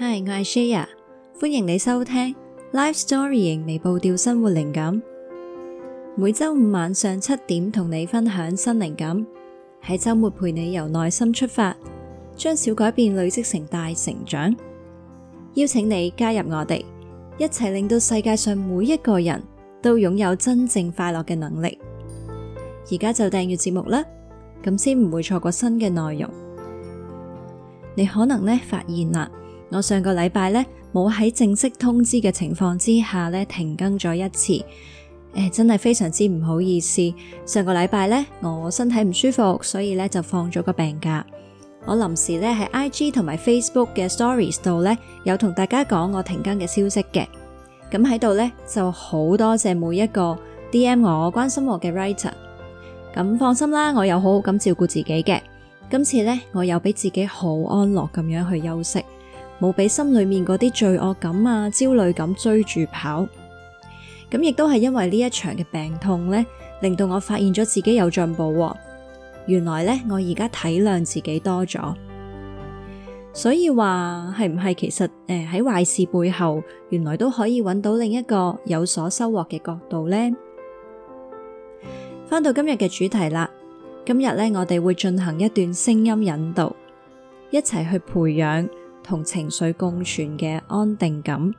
Hi，我係 Shaya，歡迎你收聽 Life Story，微步調生活靈感。每周五晚上七點同你分享新靈感，喺周末陪你由內心出發，將小改變累積成大成長。邀請你加入我哋，一齊令到世界上每一個人都擁有真正快樂嘅能力。而家就訂閱節目啦，咁先唔會錯過新嘅內容。你可能呢發現啦。我上個禮拜咧冇喺正式通知嘅情況之下咧停更咗一次，誒、欸，真係非常之唔好意思。上個禮拜咧，我身體唔舒服，所以呢就放咗個病假。我臨時呢喺 IG 同埋 Facebook 嘅 Stories 度呢有同大家講我停更嘅消息嘅。咁喺度呢就好多謝每一個 DM 我關心我嘅 writer。咁放心啦，我有好好咁照顧自己嘅。今次呢，我又俾自己好安樂咁樣去休息。冇俾心裏面嗰啲罪惡感啊、焦慮感追住跑，咁亦都係因為呢一場嘅病痛呢，令到我發現咗自己有進步、哦。原來呢，我而家體諒自己多咗，所以話係唔係其實誒喺、呃、壞事背後，原來都可以揾到另一個有所收穫嘅角度呢？返到今日嘅主題啦，今日呢，我哋會進行一段聲音引導，一齊去培養。同情緒共存嘅安定感。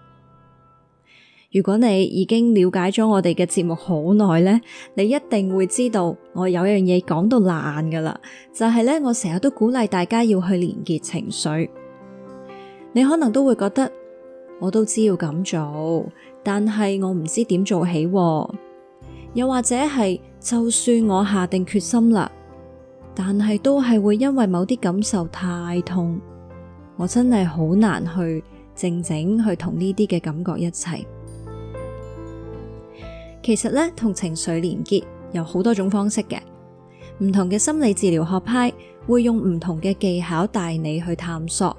如果你已經了解咗我哋嘅節目好耐咧，你一定會知道我有樣嘢講到爛噶啦，就係咧，我成日都鼓勵大家要去連結情緒。你可能都會覺得，我都知要咁做，但係我唔知點做起。又或者係就算我下定決心啦，但係都係會因為某啲感受太痛。我真係好難去靜靜去同呢啲嘅感覺一齊。其實呢，同情緒連結有好多種方式嘅，唔同嘅心理治療學派會用唔同嘅技巧帶你去探索。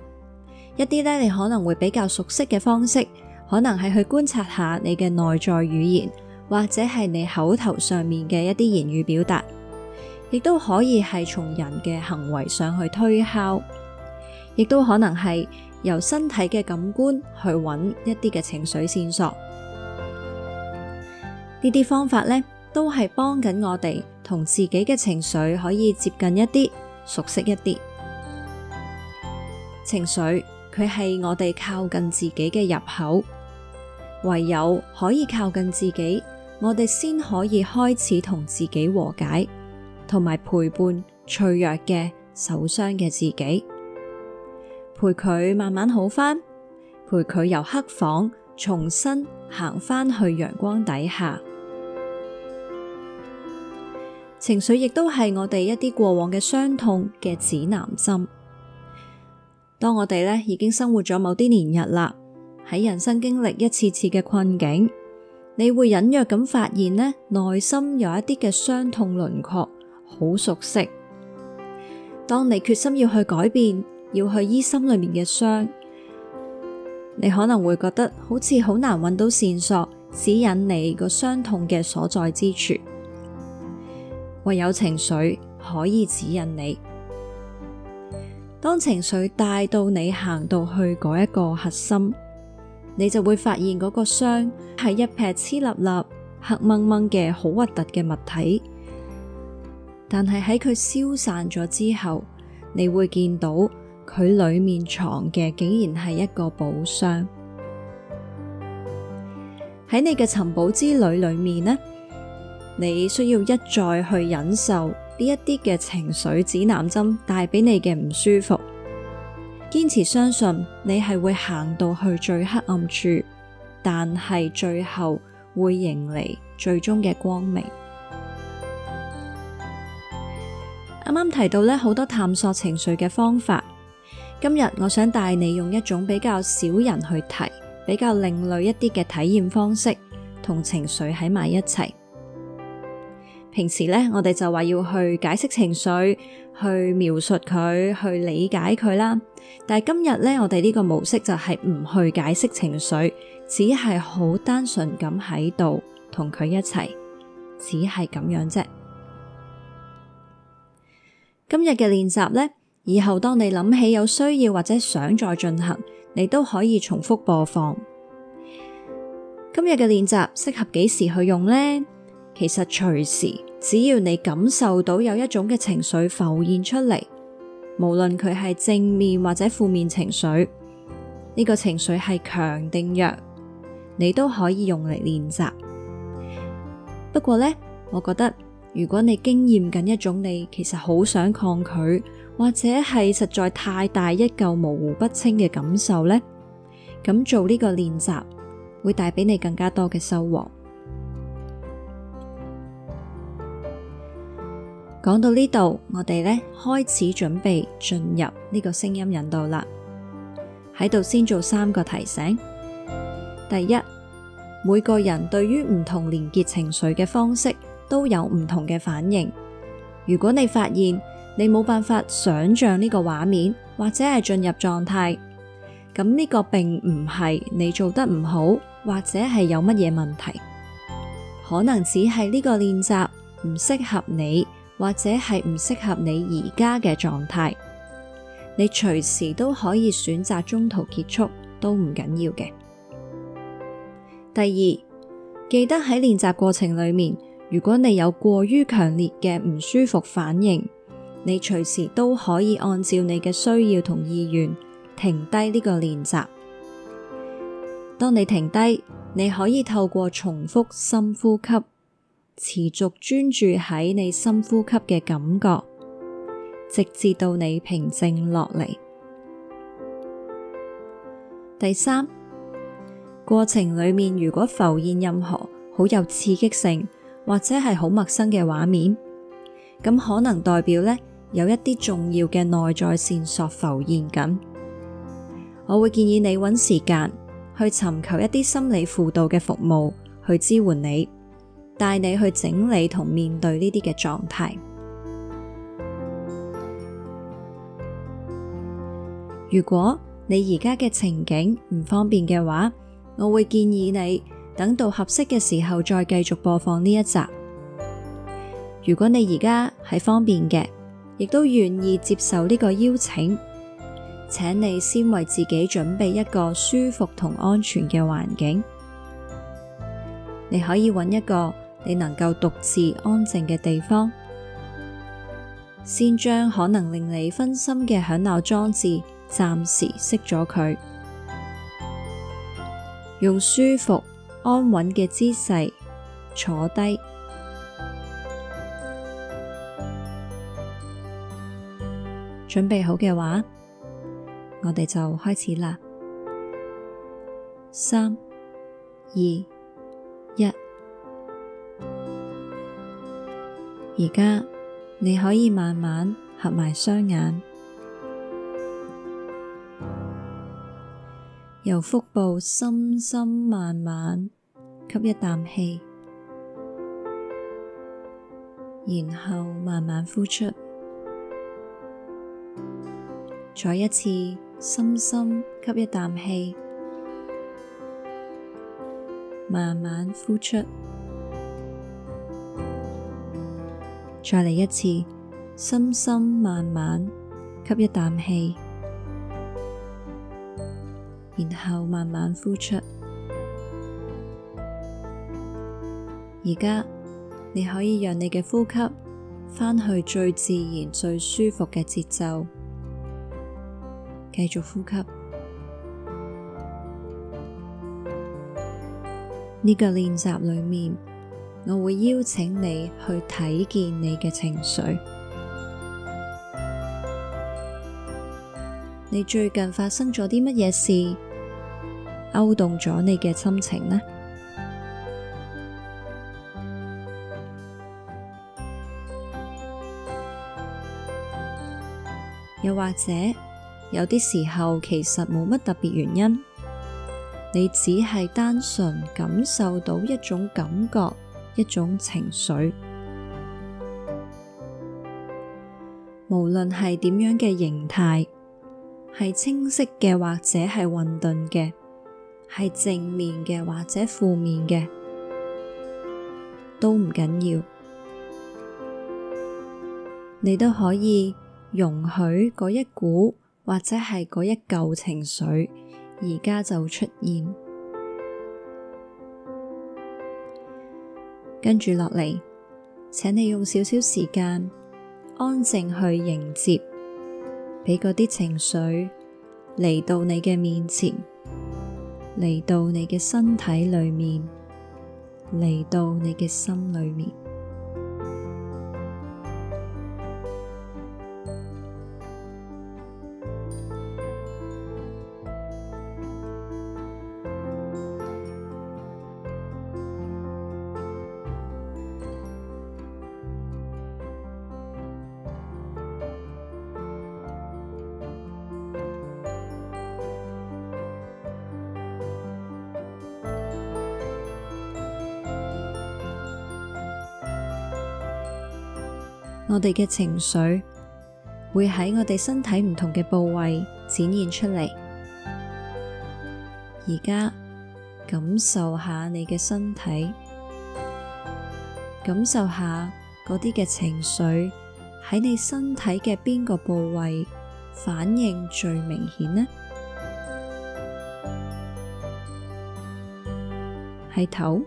一啲呢，你可能會比較熟悉嘅方式，可能係去觀察下你嘅內在語言，或者係你口頭上面嘅一啲言語表達，亦都可以係從人嘅行為上去推敲。亦都可能係由身體嘅感官去揾一啲嘅情緒線索，呢啲方法咧，都係幫緊我哋同自己嘅情緒可以接近一啲，熟悉一啲情緒。佢係我哋靠近自己嘅入口，唯有可以靠近自己，我哋先可以開始同自己和解，同埋陪伴脆弱嘅受傷嘅自己。陪佢慢慢好翻，陪佢由黑房重新行翻去陽光底下，情緒亦都係我哋一啲過往嘅傷痛嘅指南針。當我哋呢已經生活咗某啲年日啦，喺人生經歷一次次嘅困境，你會隱約咁發現呢，內心有一啲嘅傷痛輪廓，好熟悉。當你決心要去改變，要去醫心裏面嘅傷，你可能會覺得好似好難揾到線索指引你個傷痛嘅所在之處，唯有情緒可以指引你。當情緒帶到你行到去嗰一個核心，你就會發現嗰個傷係一撇黐立立、黑掹掹嘅好核突嘅物體，但係喺佢消散咗之後，你會見到。佢裏面藏嘅竟然係一個寶箱。喺你嘅尋寶之旅裏面呢，你需要一再去忍受呢一啲嘅情緒指南針帶俾你嘅唔舒服，堅持相信你係會行到去最黑暗處，但係最後會迎嚟最終嘅光明。啱啱提到咧好多探索情緒嘅方法。今日我想帶你用一種比較少人去提，比較另類一啲嘅體驗方式，同情緒喺埋一齊。平時呢，我哋就話要去解釋情緒，去描述佢、去理解佢啦。但係今日呢，我哋呢個模式就係唔去解釋情緒，只係好單純咁喺度同佢一齊，只係咁樣啫。今日嘅練習呢。以後當你諗起有需要或者想再進行，你都可以重複播放。今日嘅練習適合幾時去用呢？其實隨時，只要你感受到有一種嘅情緒浮現出嚟，無論佢係正面或者負面情緒，呢個情緒係強定弱，你都可以用嚟練習。不過呢，我覺得如果你經驗緊一種你其實好想抗拒。或者係實在太大一嚿模糊不清嘅感受呢，咁做呢個練習會帶俾你更加多嘅收穫。講到呢度，我哋呢開始準備進入呢個聲音引導啦。喺度先做三個提醒：第一，每個人對於唔同連結情緒嘅方式都有唔同嘅反應。如果你發現，你冇辦法想象呢個畫面，或者係進入狀態。咁呢個並唔係你做得唔好，或者係有乜嘢問題，可能只係呢個練習唔適合你，或者係唔適合你而家嘅狀態。你隨時都可以選擇中途結束，都唔緊要嘅。第二，記得喺練習過程裏面，如果你有過於強烈嘅唔舒服反應，你隨時都可以按照你嘅需要同意願停低呢個練習。當你停低，你可以透過重複深呼吸，持續專注喺你深呼吸嘅感覺，直至到你平靜落嚟。第三，過程裏面，如果浮現任何好有刺激性或者係好陌生嘅畫面，咁可能代表呢，有一啲重要嘅內在線索浮現緊，我會建議你搵時間去尋求一啲心理輔導嘅服務去支援你，帶你去整理同面對呢啲嘅狀態。如果你而家嘅情景唔方便嘅話，我會建議你等到合適嘅時候再繼續播放呢一集。如果你而家係方便嘅，亦都願意接受呢個邀請，請你先為自己準備一個舒服同安全嘅環境。你可以揾一個你能夠獨自安靜嘅地方，先將可能令你分心嘅響鬧裝置暫時熄咗佢，用舒服、安穩嘅姿勢坐低。準備好嘅話，我哋就開始啦。三、二、一，而家你可以慢慢合埋雙眼，由腹部深深慢慢吸一啖氣，然後慢慢呼出。再一次深深吸一啖氣，慢慢呼出。再嚟一次深深慢慢吸一啖氣，然後慢慢呼出。而家你可以讓你嘅呼吸返去最自然、最舒服嘅節奏。繼續呼吸。呢個練習裏面，我會邀請你去睇見你嘅情緒。你最近發生咗啲乜嘢事，勾動咗你嘅心情呢？又或者？有啲時候其實冇乜特別原因，你只係單純感受到一種感覺、一種情緒，無論係點樣嘅形態，係清晰嘅或者係混沌嘅，係正面嘅或者負面嘅，都唔緊要，你都可以容許嗰一股。或者係嗰一舊情緒，而家就出現，跟住落嚟，請你用少少時間安靜去迎接，畀嗰啲情緒嚟到你嘅面前，嚟到你嘅身體裏面，嚟到你嘅心裏面。我哋嘅情緒會喺我哋身體唔同嘅部位展現出嚟。而家感受下你嘅身體，感受下嗰啲嘅情緒喺你身體嘅邊個部位反應最明顯呢？係頭，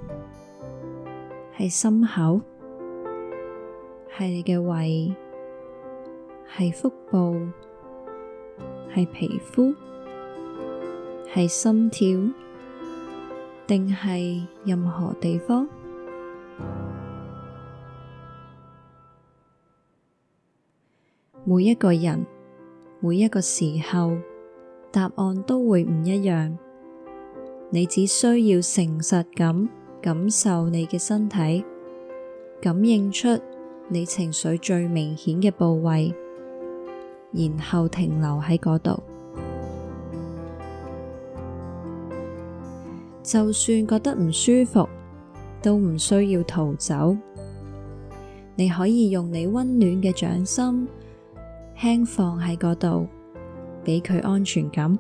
係心口。係你嘅胃，係腹部，係皮膚，係心跳，定係任何地方。每一個人，每一個時候，答案都會唔一樣。你只需要誠實咁感受你嘅身體，感應出你情緒最明顯嘅部位，然後停留喺嗰度，就算覺得唔舒服，都唔需要逃走。你可以用你溫暖嘅掌心，輕放喺嗰度，畀佢安全感。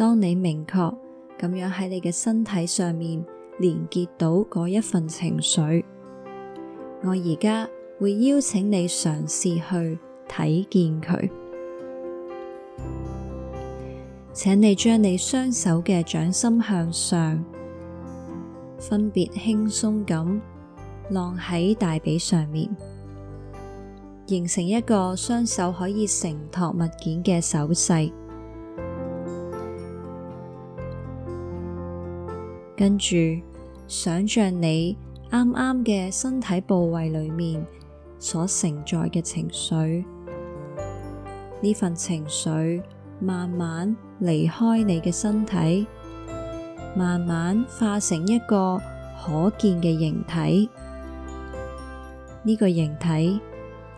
當你明確咁樣喺你嘅身體上面連結到嗰一份情緒，我而家會邀請你嘗試去睇見佢，請你將你雙手嘅掌心向上，分別輕鬆咁晾喺大髀上面，形成一個雙手可以承托物件嘅手勢。跟住，想象你啱啱嘅身體部位裏面所承載嘅情緒，呢份情緒慢慢離開你嘅身體，慢慢化成一個可見嘅形體。呢、呢個形體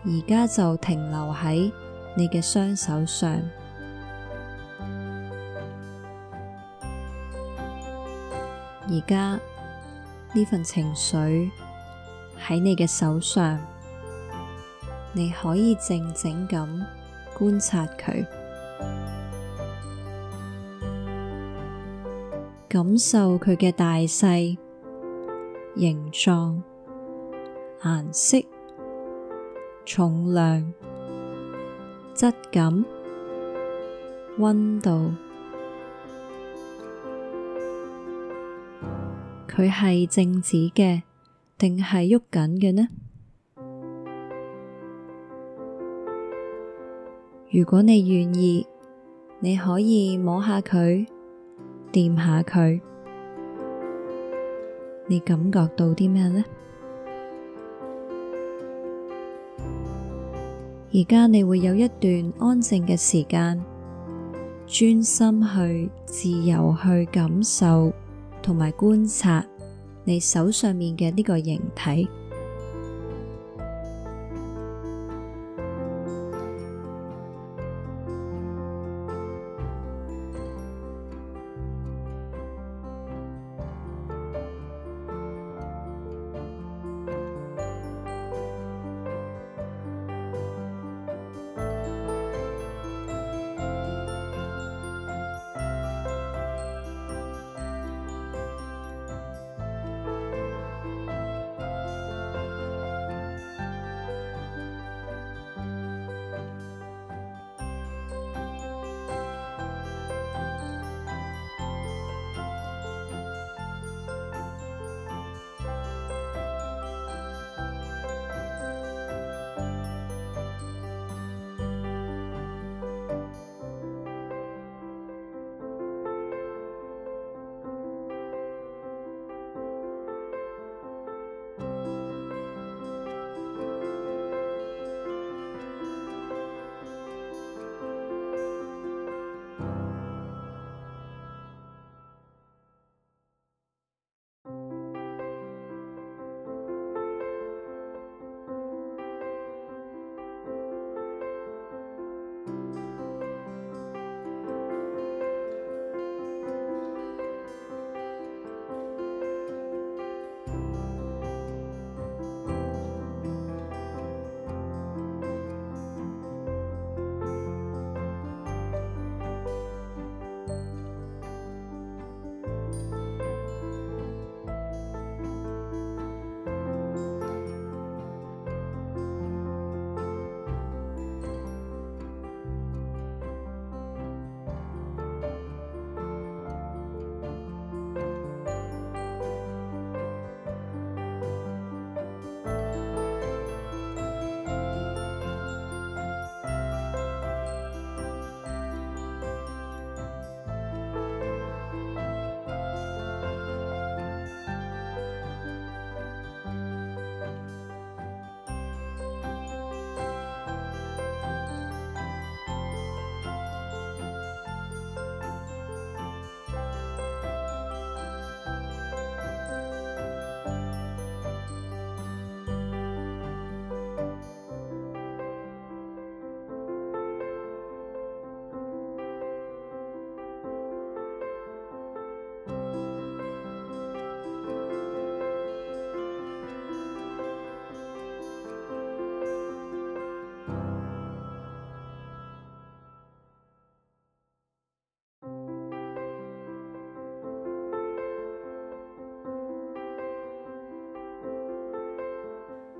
而家就停留喺你嘅雙手上。而家呢份情緒喺你嘅手上，你可以靜靜咁觀察佢，感受佢嘅大細、形狀、顏色、重量、質感、温度。佢係靜止嘅，定係喐緊嘅呢？如果你願意，你可以摸下佢，掂下佢。你感覺到啲咩呢？而家你會有一段安靜嘅時間，專心去、自由去感受。同埋觀察你手上面嘅呢個形體。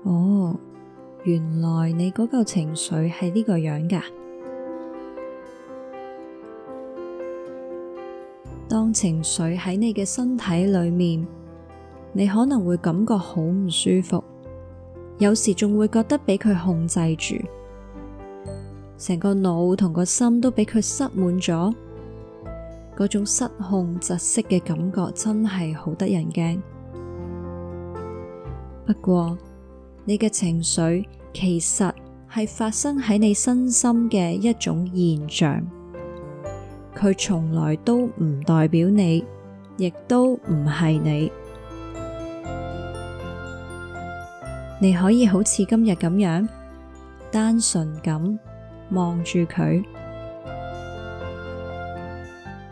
哦，oh, 原來你嗰嚿情緒係呢個樣噶。當情緒喺你嘅身體裏面，你可能會感覺好唔舒服，有時仲會覺得俾佢控制住，成個腦同個心都俾佢塞滿咗，嗰種失控窒息嘅感覺真係好得人驚。不過，你嘅情緒其實係發生喺你身心嘅一種現象，佢從來都唔代表你，亦都唔係你。你可以好似今日咁樣單純咁望住佢，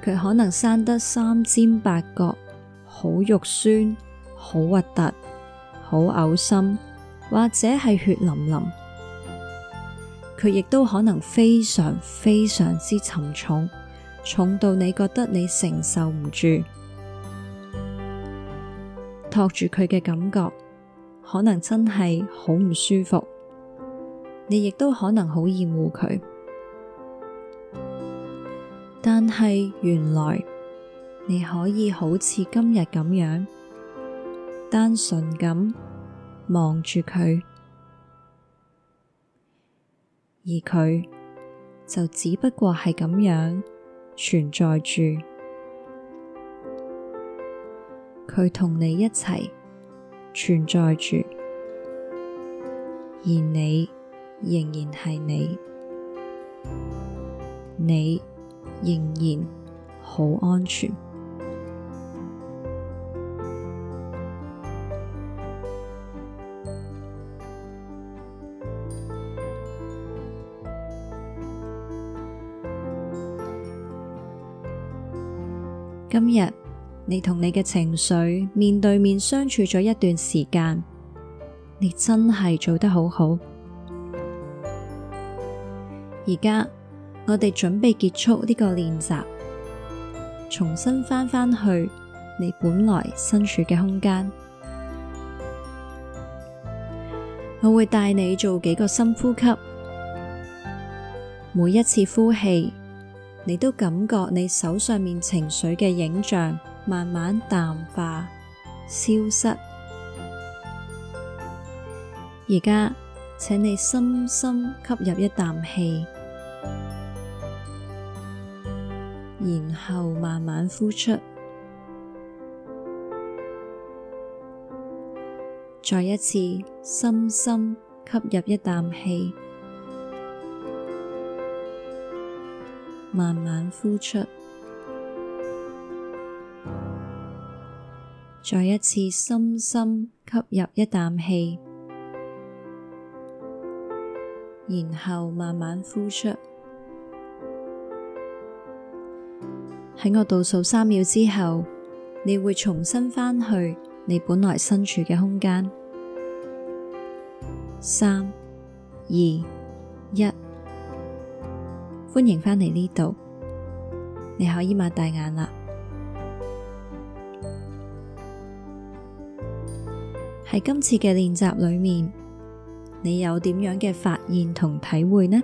佢可能生得三尖八角，好肉酸，好核突，好嘔心。或者係血淋淋，佢亦都可能非常非常之沉重，重到你覺得你承受唔住，托住佢嘅感覺可能真係好唔舒服，你亦都可能好厭惡佢，但係原來你可以好似今日咁樣單純咁。望住佢，而佢就只不過係咁樣存在住。佢同你一齊存在住，而你仍然係你，你仍然好安全。今日你同你嘅情緒面對面相處咗一段時間，你真係做得好好。而家我哋準備結束呢個練習，重新翻返去你本來身處嘅空間。我會帶你做幾個深呼吸，每一次呼氣。你都感覺你手上面情緒嘅影像，慢慢淡化、消失。而家，請你深深吸入一啖氣，然後慢慢呼出，再一次深深吸入一啖氣，慢慢呼出，再一次深深吸入一啖氣，然後慢慢呼出。喺我倒數三秒之後，你會重新翻去你本來身處嘅空間。三、二、一。歡迎返嚟呢度，你可以擘大眼啦。喺今次嘅練習裏面,你有點樣嘅發現同體會呢？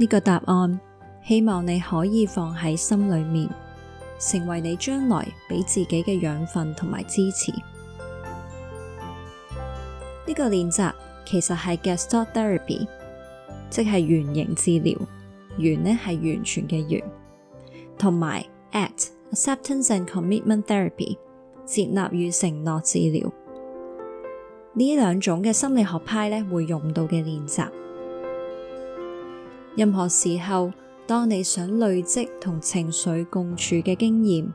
呢個答案，希望你可以放喺心裏面，成為你將來俾自己嘅養分同埋支持。呢個練習其實係 gestalt therapy，即係圓形治療。圓呢係完全嘅圓，同埋 ACT acceptance and commitment therapy，接納與承諾治療。呢兩種嘅心理學派咧會用到嘅練習。任何時候，當你想累積同情緒共處嘅經驗，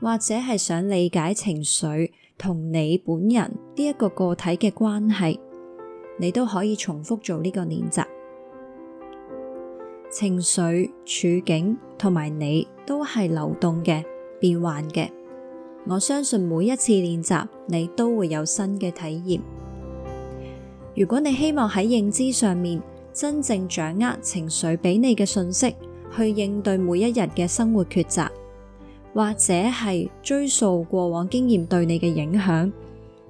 或者係想理解情緒同你本人呢一個個體嘅關係，你都可以重複做呢個練習。情緒、處境同埋你都係流動嘅、變幻嘅。我相信每一次練習，你都會有新嘅體驗。如果你希望喺認知上面，真正掌握情緒俾你嘅信息，去應對每一日嘅生活抉擇，或者係追溯過往經驗對你嘅影響，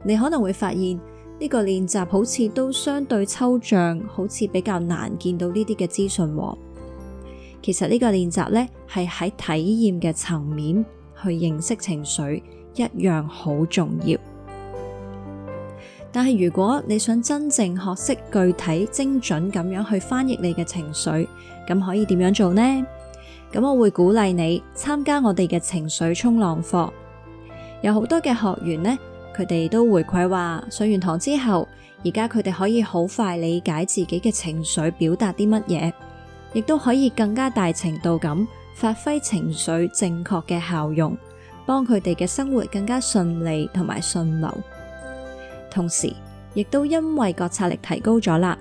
你可能會發現呢個練習好似都相對抽象，好似比較難見到呢啲嘅資訊。其實呢個練習呢，係喺體驗嘅層面去認識情緒，一樣好重要。但係如果你想真正學識具體精準咁樣去翻譯你嘅情緒，咁可以點樣做呢？咁我會鼓勵你參加我哋嘅情緒沖浪課，有好多嘅學員呢，佢哋都回饋話上完堂之後，而家佢哋可以好快理解自己嘅情緒，表達啲乜嘢，亦都可以更加大程度咁發揮情緒正確嘅效用，幫佢哋嘅生活更加順利同埋順流。同時，亦都因為覺察力提高咗啦，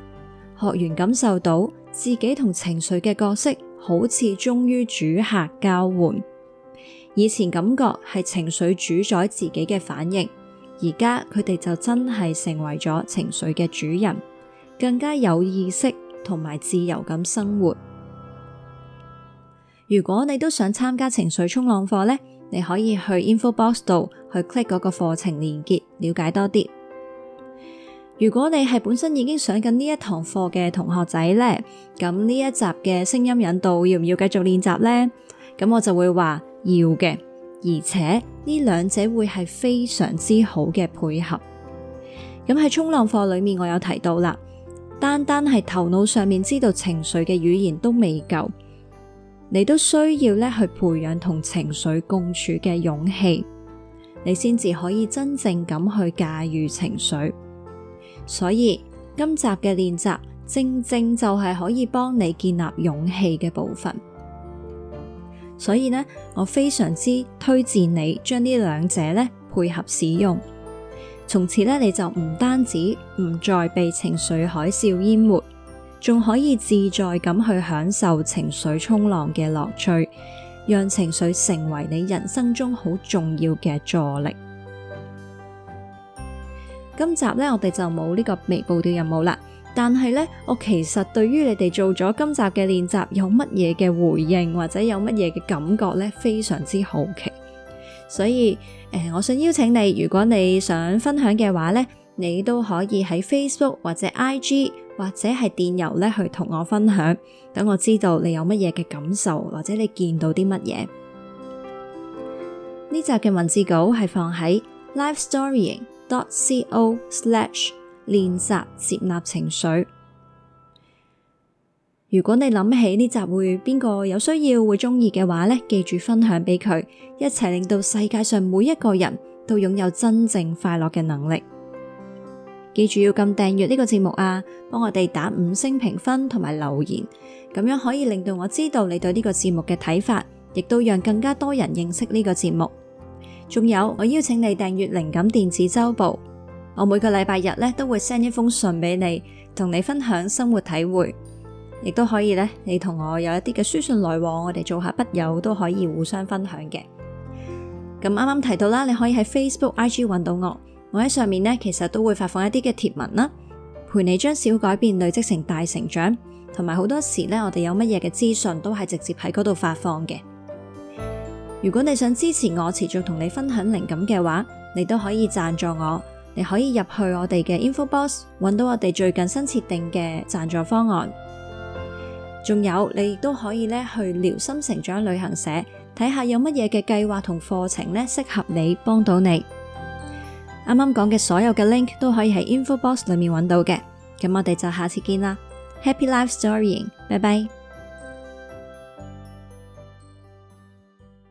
學員感受到自己同情緒嘅角色好似終於主客交換。以前感覺係情緒主宰自己嘅反應，而家佢哋就真係成為咗情緒嘅主人，更加有意識同埋自由咁生活。如果你都想參加情緒衝浪課呢，你可以去 info box 度去 click 嗰個課程連結，了解多啲。如果你係本身已經上緊呢一堂課嘅同學仔呢，咁呢一集嘅聲音引導要唔要繼續練習呢？咁我就會話要嘅，而且呢兩者會係非常之好嘅配合。咁喺衝浪課裏面，我有提到啦，單單係頭腦上面知道情緒嘅語言都未夠，你都需要咧去培養同情緒共處嘅勇氣，你先至可以真正咁去駕馭情緒。所以今集嘅練習正正就係可以幫你建立勇氣嘅部分。所以呢，我非常之推薦你將呢兩者呢配合使用。從此呢，你就唔單止唔再被情緒海嘯淹沒，仲可以自在咁去享受情緒衝浪嘅樂趣，讓情緒成為你人生中好重要嘅助力。今集咧，我哋就冇呢個微步調任務啦。但係咧，我其實對於你哋做咗今集嘅練習有乜嘢嘅回應或者有乜嘢嘅感覺咧，非常之好奇。所以誒、呃，我想邀請你，如果你想分享嘅話咧，你都可以喺 Facebook 或者 IG 或者係電郵咧去同我分享，等我知道你有乜嘢嘅感受或者你見到啲乜嘢。呢集嘅文字稿係放喺 Live Storying。d o c o s l a s h 練習接納情緒。如果你諗起呢集會邊個有需要會中意嘅話呢，記住分享俾佢，一齊令到世界上每一個人都擁有真正快樂嘅能力。記住要撳訂閱呢個節目啊，幫我哋打五星評分同埋留言，咁樣可以令到我知道你對呢個節目嘅睇法，亦都讓更加多人認識呢個節目。仲有，我邀請你訂閱靈感電子周報，我每個禮拜日咧都會 send 一封信俾你，同你分享生活體會，亦都可以咧，你同我有一啲嘅書信來往，我哋做下筆友都可以互相分享嘅。咁啱啱提到啦，你可以喺 Facebook、IG 揾到我，我喺上面咧其實都會發放一啲嘅貼文啦，陪你將小改變累積成大成長，同埋好多時咧我哋有乜嘢嘅資訊都係直接喺嗰度發放嘅。如果你想支持我持續同你分享靈感嘅話，你都可以贊助我。你可以入去我哋嘅 info box 搵到我哋最近新設定嘅贊助方案。仲有，你亦都可以咧去聊心成長旅行社睇下有乜嘢嘅計劃同課程咧適合你幫到你。啱啱講嘅所有嘅 link 都可以喺 info box 裏面搵到嘅。咁我哋就下次見啦。Happy life story，ing，拜拜。